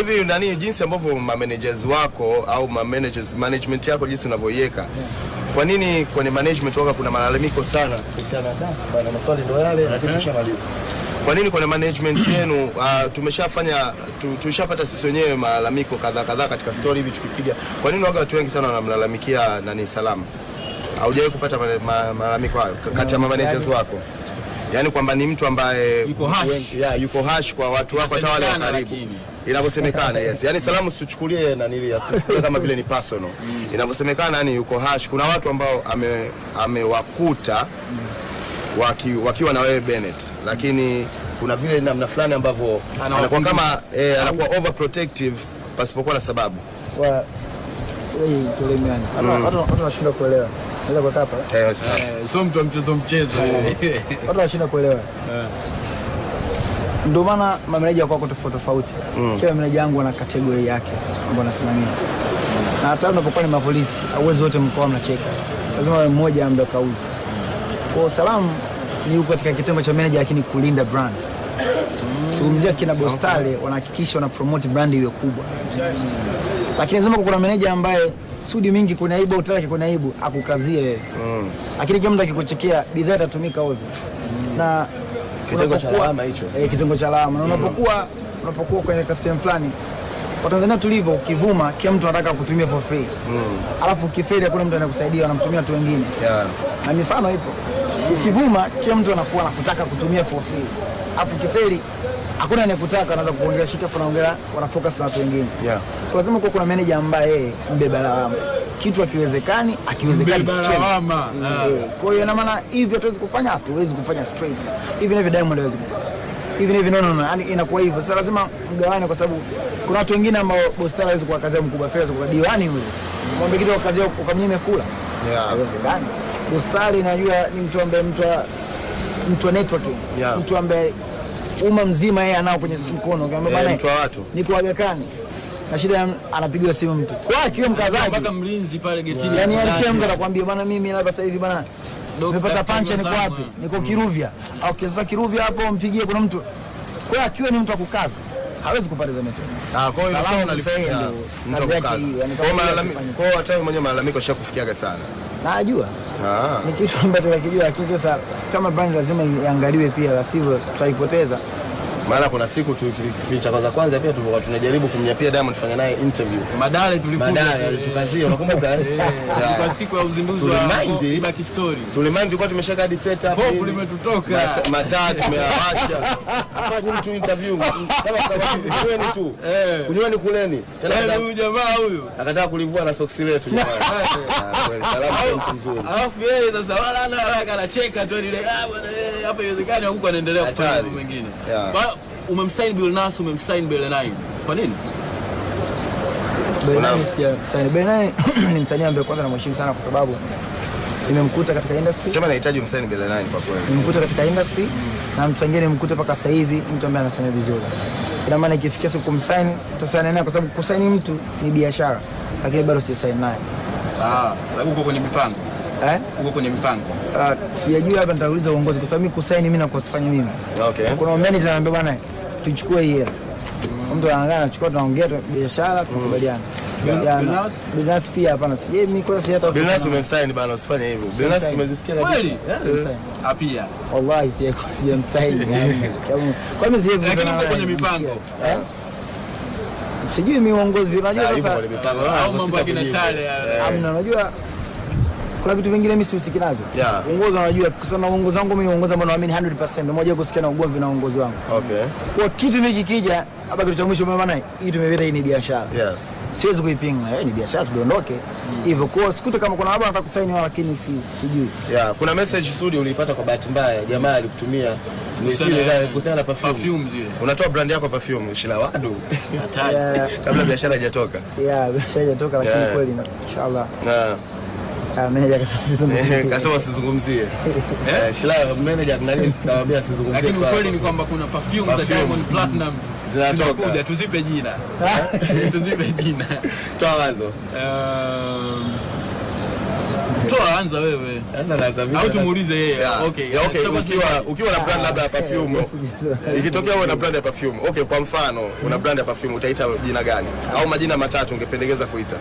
Hivi nani jinsi ambavyo managers wako au managers, management yako jinsi unavyoiweka kwa nini kwenye management wako kuna malalamiko sana kuhusiana na maswali ndo yale lakini uh-huh. tushamaliza kwa nini kwenye management yenu uh, tumeshafanya tu, tushapata sisi wenyewe malalamiko kadhaa kadhaa katika story hivi tukipiga kwa nini waga watu wengi sana wanamlalamikia nani salama haujawahi kupata malalamiko hayo kati ya managers yaani- wako yaani kwamba ni mtu ambaye yuko hash, yeah, yuko hash kwa watu wako hata wale wa karibu inavyosemekana yes. Yani salamu situchukulie nanili situchukulie kama vile ni personal mm. inavyosemekana yani yuko hash. Kuna watu ambao amewakuta ame waki, wakiwa na wewe Bennett, lakini kuna vile namna fulani ambavyo anakuwa kama eh, anakuwa overprotective pasipokuwa na sababu Wa mm. watu wanashindwa kuelewa. Naweza kukaa hapa. Eh, so eh, mtu wa mchezo mchezo, watu wanashindwa kuelewa eh. Ndio maana mameneja kwa tofauti tofauti, mm. Kila meneja wangu ana kategori yake ambayo anasimamia, na hata unapokuwa ni mapolisi auwezi wote mkoa mnacheka, lazima awe mmoja ambaye kauli kwa salamu ni huko katika kitengo cha manager, lakini kulinda brand mm. kina Bostale okay. Wanahakikisha wana promote brand iwe kubwa, lakini lazima kuna meneja ambaye sudi mingi kuna aibu utaki kuna aibu akukazie wewe mm. Lakini kama mtu akikuchekea bidhaa itatumika ovyo mm na kitengo cha lawama hicho, eh, kitengo cha lawama. Na unapokuwa unapokuwa kwenye sehemu fulani, kwa Tanzania tulivyo, ukivuma kila mtu anataka kutumia for free, mm. alafu ukifeli hakuna mtu anakusaidia, wanamtumia watu wengine, na mifano ipo. Ukivuma kila mtu anakuwa anakutaka kutumia for afu kifeli hakuna anayekutaka, anaweza kuongea shit, afu anaongelea wana focus na watu wengine yeah. So lazima kuwa kuna manager ambaye yeye mbeba lawama, kitu akiwezekani akiwezekani straight lawama. Mm. Kwa hiyo ina maana hivi hatuwezi kufanya, hatuwezi kufanya straight hivi na hivi, Diamond hawezi kufanya hivi na hivi, no no no, yani inakuwa hivyo. Sasa lazima mgawane, kwa sababu kuna watu wengine ambao Bostara hawezi kazi mkubwa fedha kwa diwani yule, mwambie kitu kwa kazi yako kwa ukamnyime kula, yeah haiwezekani. Dostari najua ni mtu ambaye mtu mtu wa networking yeah. mtu ambaye umma mzima yeye anao kwenye mkono kama bana, eh, mtu wa watu, niko Wagakani na shida anapigiwa simu mtu kwa kiwa mkazaji mpaka mlinzi pale getini, yani alikia mtu anakuambia bana, mimi labda sasa hivi bana nimepata pancha, niko wapi? Niko Kiruvya au okay, kesa Kiruvya hapo, mpigie kuna mtu kwa akiwa ni mtu wa kukaza hawezi kupoteza mechi. Ah, kwa hiyo unalifanya mtu wa kukaza. Kwa hiyo malalamiko, kwa hiyo hata mwenyewe malalamiko shakufikiaga sana najua ni kitu ambacho nakijua, lakini sasa kama brand lazima iangaliwe pia, la sivyo tutaipoteza maana kuna siku kipindi cha kwanza kwanza pia tulikuwa tunajaribu kumnyapia Diamond tufanye naye interview Madale, eh. eh, tulikuwa Madale tukazia, unakumbuka eh, kwa siku ya uzinduzi wa Back Story tulimind, tulikuwa tumeshaka hadi up popu limetutoka mataa tumeyawasha, afanye mtu interview kama kwa kunyweni tu eh. kunyweni kuleni tena. Yaani huyu jamaa huyu akataka kulivua na socks letu jamani, ah, salamu mzuri. Alafu yeye sasa wala ana haraka, anacheka tu ile, ah bwana, hapa iwezekani huko anaendelea kufanya mambo mengine umemsign Bill Nass, umemsign Belenai. Kwa nini? Belenai ni msanii ambaye kwanza namheshimu sana kwa sababu nimemkuta katika industry. Sema nahitaji kwa kweli. Nimemkuta katika industry na mchangia nimkuta mpaka sasa hivi mtu ambaye anafanya vizuri. Ina maana ikifikia siku kumsign naye kwa sababu mtu ni biashara, lakini bado sijasign naye. Ah, uko kwenye mipango eh? Uko kwenye mipango? Ah, sijajua hapa nitauliza uongozi kwa sababu mimi mimi na kusifanya mimi. Okay. Kuna manager bwana tuchukue hiyo Mtu anaangaa anachukua, tunaongea biashara, tunakubaliana. Mm. Binafsi pia hapana, eh, umemsaini bana, usifanye hivyo. Binafsi tumezisikia wallahi, sijamsaini yaani, lakini uko kwenye mipango eh? sijui miongozi, unajua sasa ah, au mambo ya unajua kuna vitu vingine mimi sihusiki navyo. Yeah. Uongozi unajua kusema uongozi wangu mimi uongozi ambao naamini 100% moja kusikia na ugomvi na uongozi wangu. Okay. Kwa kitu hiki kija hapa kitu cha mwisho maana hii tumeleta hii ni biashara. Yes. Siwezi kuipinga. Hii eh, ni biashara tuondoke. Hivyo mm. kwa sikuta kama kuna baba atakusaini kusaini lakini si sijui. Yeah, kuna message studio ulipata kwa bahati mbaya. Jamaa alikutumia kuhusiana na perfume. zile. Unatoa brand yako perfume Shilawadu. Hatari. Kabla biashara haijatoka. Yeah, biashara haijatoka lakini kweli inshallah. Yeah. Ah, meneja sizungumzie. Eh? Shilaa meneja sizungumzie. Lakini ukweli ni kwamba kuna perfume za Diamond Platnumz mm. Tuzipe jina. Tuzipe jina. Toa wazo. Um, anza wewe. Au tumuulize yeye. Okay. Okay, ukiwa ukiwa na brand labda ya ah, perfume. Ikitokea na brand ya perfume. Okay, kwa mfano una brand ya perfume utaita jina gani? Au majina matatu ungependekeza kuita?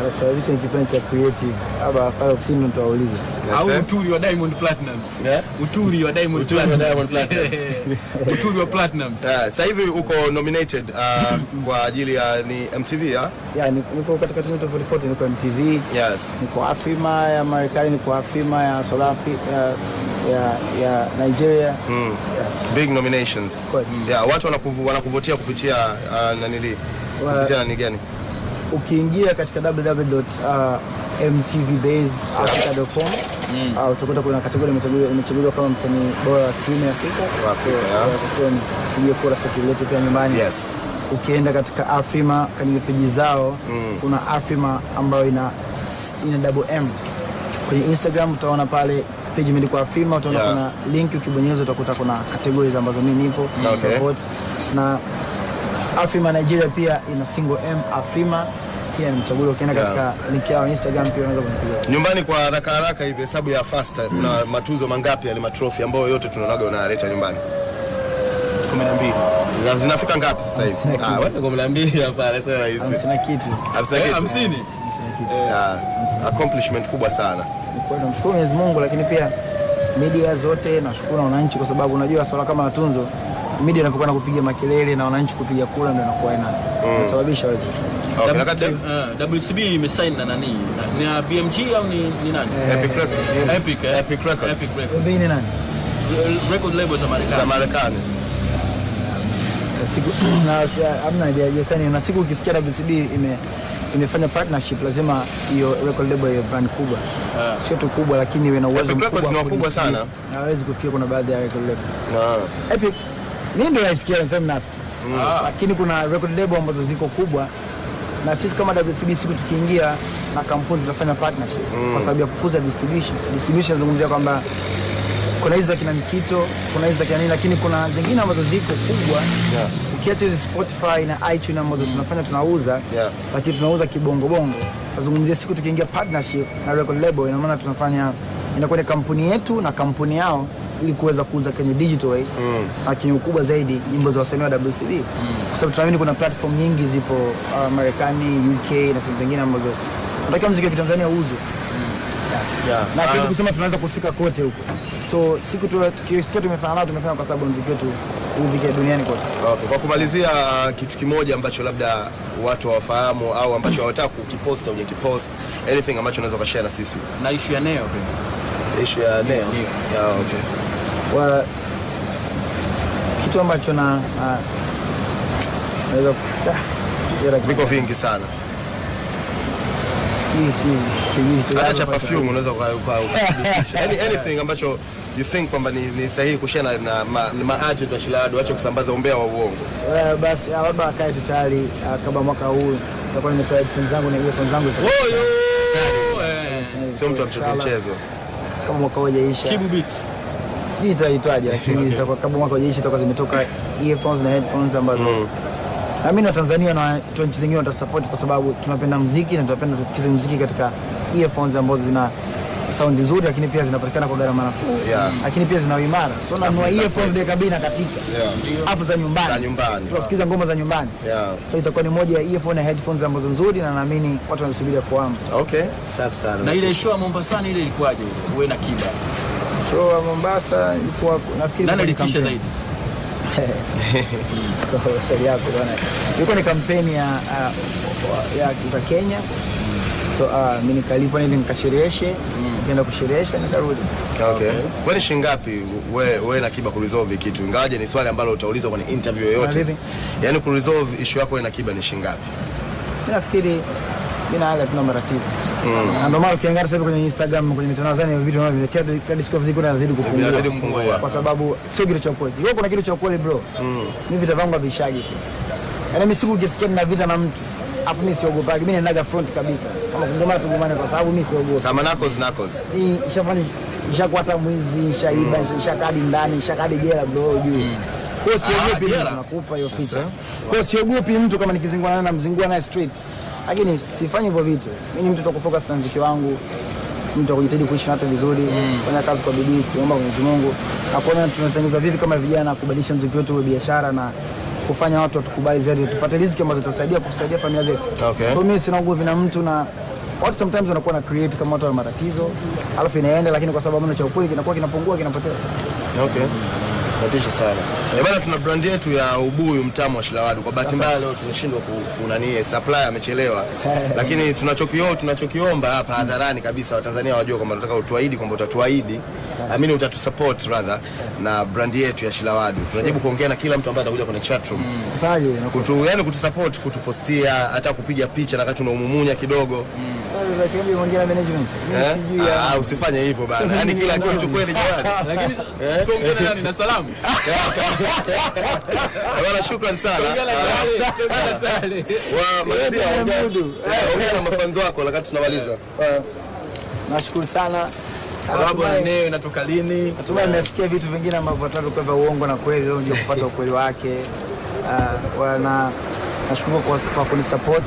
anasababisha ni kipande cha creative hapa pale ofisini ndo tutauliza, au uturi wa Diamond Platinums yeah? uturi wa Diamond uturi Platinum. wa Diamond Platinum uturi wa Platinums yeah, sasa hivi uko nominated uh, kwa ajili ya ni MTV ya yeah, niko katika tuzo tofauti tofauti, niko MTV yes, niko Afima ya Marekani, niko Afima ya South Africa ya, ya Nigeria mm. yeah. big nominations mm. yeah, watu wanakuvutia kupitia uh, nanili kupitia nani gani? ukiingia katika www.mtvbaseafrica.com mm. Uh, utakuta kuna kategori imechaguliwa kama msanii bora wa kiume Afrika. Pige kura satulete pia nyumbani. Yes. Ukienda katika Afrima kwenye peji zao mm. kuna Afrima ambayo ina, ina double M kwenye Instagram utaona pale peji imeandikwa Afrima, utaona yeah. kuna link ukibonyeza utakuta kuna kategori ambazo mimi nipo okay. na Afrima Nigeria pia ina single M Afrima pia ni mchaguzi. Ukienda katika link yao Instagram pia unaweza kumpigia. Nyumbani kwa haraka haraka hivi, hesabu ya fasta, kuna mm. matuzo mangapi yale matrofi ambayo yote tunaonaga unaleta nyumbani? 12. Zinafika ngapi sasa hivi? Ah, wewe 12 hapa sasa rahisi, Sina kitu. Hamsini eh, kitu. 50. Yeah. Accomplishment kubwa sana. Namshukuru Mwenyezi Mungu, lakini pia media zote, nashukuru na wananchi, kwa sababu unajua swala kama matunzo media inapokuwa nakupiga makelele na wananchi kupiga kura ndio inakuwa ina mm. inasababisha wewe. WCB uh, imesign na nani? Ni BMG au ni ni nani? Eh, Epic Records. Epic eh? Epic Records. Epic Records. Ni nani? Record label za Marekani. Za Marekani. Siku na amna ya hajasaini na siku ukisikia WCB ime imefanya partnership, lazima hiyo record label ya brand kubwa yeah. sio tu kubwa, lakini iwe na uwezo mkubwa. Epic Records sana, hawezi kufikia kuna baadhi ya record label. Wow. Ah. Epic mi ndo naisikia niseme napi mm. ah. lakini kuna record label ambazo ziko kubwa na sisi kama WCB siku tukiingia na kampuni tutafanya partnership mm. kwa sababu ya kukuza distribution. Distribution nazungumzia kwamba kuna hizi za kina mikito kuna hizi za kina nini, lakini kuna zingine ambazo ziko kubwa yeah kiacha hizi Spotify na iTunes ambazo mm. tunafanya tunauza yeah. lakini tunauza kibongobongo. Nazungumzia siku tukiingia partnership na record label, ina maana tunafanya inakuwa ni kampuni yetu na kampuni yao ili kuweza kuuza kwenye digital way mm. lakini ukubwa zaidi nyimbo za wasanii wa WCB mm. kwa sababu tunaamini kuna platform nyingi zipo uh, Marekani, UK na sehemu zingine ambazo nataka mziki wa Kitanzania uuzwe Yeah. na uh, kusema tunaweza kufika kote huko, so siku tukisikia tumefanya nao tumefanya kwa sababu mziki wetu kuudhike duniani kote. Okay. Kwa kumalizia, uh, kitu kimoja ambacho labda watu hawafahamu au ambacho hawataka kukipost au kukipost anything ambacho unaweza kushare na sisi. Na issue ya Neo pia. Issue ya Neo. Yeah, okay. Well, kitu ambacho na naweza viko vingi sana hata cha perfume unaweza ukathibitisha, anything ambacho you think kwamba ni, ni sahihi kushana na maagent ma wa Shilado waache kusambaza umbea wa uongo? uh, basi labda akae tu tayari ah, kama mwaka huu nitakuwa nimetoa headphones zangu na earphones zangu. Sio mtu wa mchezo mchezo. Kama mwaka huu haijaisha. kibu Beats sijui itaitwaje, lakini kama mwaka haujaisha itakuwa zimetoka earphones na headphones ambazo mm. na mimi na Tanzania na nchi zingine support kwa sababu tunapenda muziki na tunapenda tusikize muziki katika earphones ambazo zina saundi nzuri, lakini pia zinapatikana kwa gharama nafuu yeah. Lakini pia zina uimara, so nanunua earphones bei kabili na katika yeah. Afu za nyumbani za nyumbani tunasikiza ngoma za nyumbani yeah. So itakuwa ni moja ya earphone na headphones ambazo nzuri na naamini watu wanasubiria kwa hamu. Okay, safi sana. Na ile show ya Mombasa ile ilikuwaje? Uwe na kiba show ya Mombasa ilikuwa nafikiri nani alitisha zaidi? Swali yako bwana, ilikuwa ni kampeni ya, ya za Kenya So uh, mimi nikalipa nili nikashereheshe mm. Nikaenda kusherehesha nikarudi. Okay. Okay. Kwani shilingi ngapi we, na Kiba kuresolve kitu? Ingawaje ni swali ambalo utaulizwa kwenye interview ah, yoyote. Yaani kuresolve issue yako na Kiba ni shilingi ngapi? Mimi nafikiri mimi na tuna maratibu. Mm. Ndio maana ukiangalia sasa kwenye Instagram kwenye mitandao na Kwa sababu sio kitu cha kweli. Wewe kuna kitu cha kweli bro. Mm. vita vangu havishagi. Yaani mimi siku kesikia na vita na mtu afu mimi siogopaki, mimi naendaga front kabisa, kama kungomana tungomane, kwa sababu mimi siogopi. Kama nako zinako ishafanya ishakwata mwizi ishaiba mm. ishakadi ndani ishakadi jela bro juu mm. Kwa siogopi ah, nakupa hiyo picha. Kwa siogopi mtu kama nikizingua naye namzingua naye street, lakini sifanyi hivyo vitu. Mimi ni mtu tukufocus sana mziki wangu mtu akujitahidi kuishi hata vizuri, mm. kufanya mm. kazi kwa bidii, kuomba Mwenyezi Mungu na kuona tunatengeneza vipi kama vijana kubadilisha mziki wetu wa biashara na kufanya watu watukubali zaidi, tupate riziki ambazo zitasaidia kusaidia familia zetu. Okay. So mimi sina nguvu na mtu na watu sometimes wanakuwa na create kama watu wana matatizo, alafu inaenda, lakini kwa sababu mna cha ukweli kinakuwa kinapungua, kinapotea. Okay. Natisha sana. E, eh, bana tuna brand yetu ya ubuyu mtamu wa Shilawadu. Kwa bahati mbaya leo tumeshindwa kunani supply amechelewa. Lakini tunachokio oh, tunachokiomba hapa hadharani kabisa Watanzania wajue kwamba tunataka utuahidi kwamba utatuahidi. Amini utatusupport rather na brand yetu ya Shilawadu. Tunajaribu kuongea na kila mtu ambaye atakuja kwenye chat room. Mm. Saje? Kutu yani kutusupport, kutupostia, hata kupiga picha na wakati unaumumunya kidogo. Mm. Eh? Ah, usifanye hivyo bana. Yaani kila kitu kweli jamani. Lakini eh? tuongee na nani na salamu. Bwana, shukrani sana na mafanzo wako, wakati tunamaliza. Nashukuru sana. eneo inatoka lini? Natumai mmesikia vitu vingine ambavyo watu uongo na kweli, leo ndio kupata ukweli wake. Uh, ah, wana nashukuru kwa, kwa kunisupport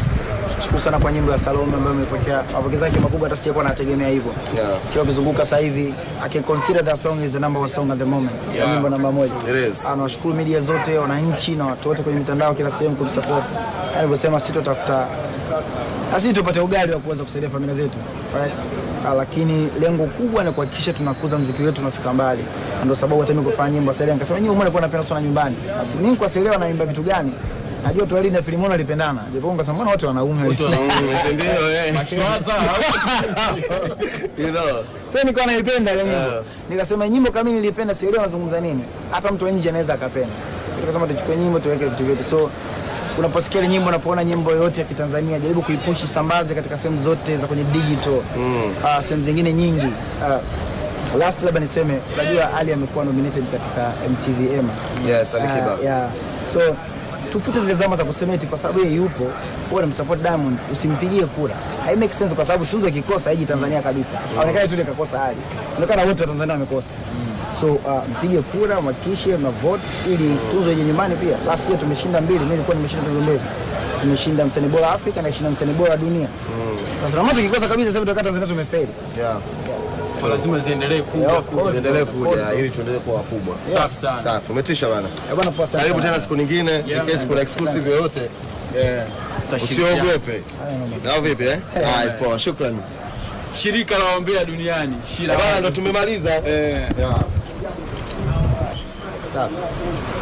shukuru sana kwa nyimbo ya Salome ambayo imepokea mapokezaji makubwa, hata sijakuwa nategemea hivyo. Yeah. Kiwa ukizunguka sasa hivi, I can consider that song is the number one song at the moment. Yeah. Nyimbo namba moja. It is. Ana ah, washukuru media zote, wananchi na watu wote kwenye mitandao kila sehemu kwa support. Yaani kusema ah, sisi tutafuta asi tupate ugali wa kuweza kusaidia familia zetu right? Ah, lakini lengo kubwa ni kuhakikisha tunakuza mziki wetu tunafika mbali. Ndio sababu hata mimi kufanya nyimbo sasa, hivi nikasema nyimbo mbona napenda sana nyumbani, Asi mimi kwa sielewa naimba vitu gani Najua tu na Filimona alipendana. Japo kwa sababu wote wanaume. Wote wanaume, si ndio eh? Mashwaza. You know. Sasa nilikuwa naipenda ile nyimbo. Nikasema nyimbo kama nilipenda sielewi anazungumza nini. Hata mtu nje anaweza akapenda. Sasa tukasema tuchukue nyimbo tuweke vitu vyetu. So unaposikia ile nyimbo unapoona nyimbo yote ya Kitanzania jaribu kuipushi, sambaze katika sehemu zote za kwenye digital. Mm. Uh, sehemu zingine nyingi. Uh, last labda niseme, unajua Ali amekuwa nominated katika MTV Ema. Yes, Alikiba. Uh, ah, yeah. So tufute zile zama za kusema eti kwa sababu yeye yupo wewe unamsupport Diamond, usimpigie kura. Hai make sense kwa sababu Tunzo kikosa hiji Tanzania kabisa. Haonekani tu kakosa hali. Inaonekana wote wa Tanzania wamekosa. So uh, mpige kura, mwakishe na vote ili tuzo yenye nyumbani pia. Last year tumeshinda mbili, mimi nilikuwa nimeshinda tuzo mbili. Tumeshinda msanii bora Afrika na tumeshinda msanii bora dunia. Mm. Sasa mm. kama tukikosa kabisa sasa tutakaa Tanzania tumefeli. Yeah. yeah kwa lazima ziendelee kuja, kuja ziendelee kuja ili tuendelee kuwa wakubwa. Safi sana, safi. Umetisha bana, eh, karibu tena siku nyingine, in case kuna exclusive yoyote usiogope. Na vipi eh? Hai, poa, shukrani. Shirika la waombea duniani, shirika eh, bana, ndo tumemaliza. Eh, safi.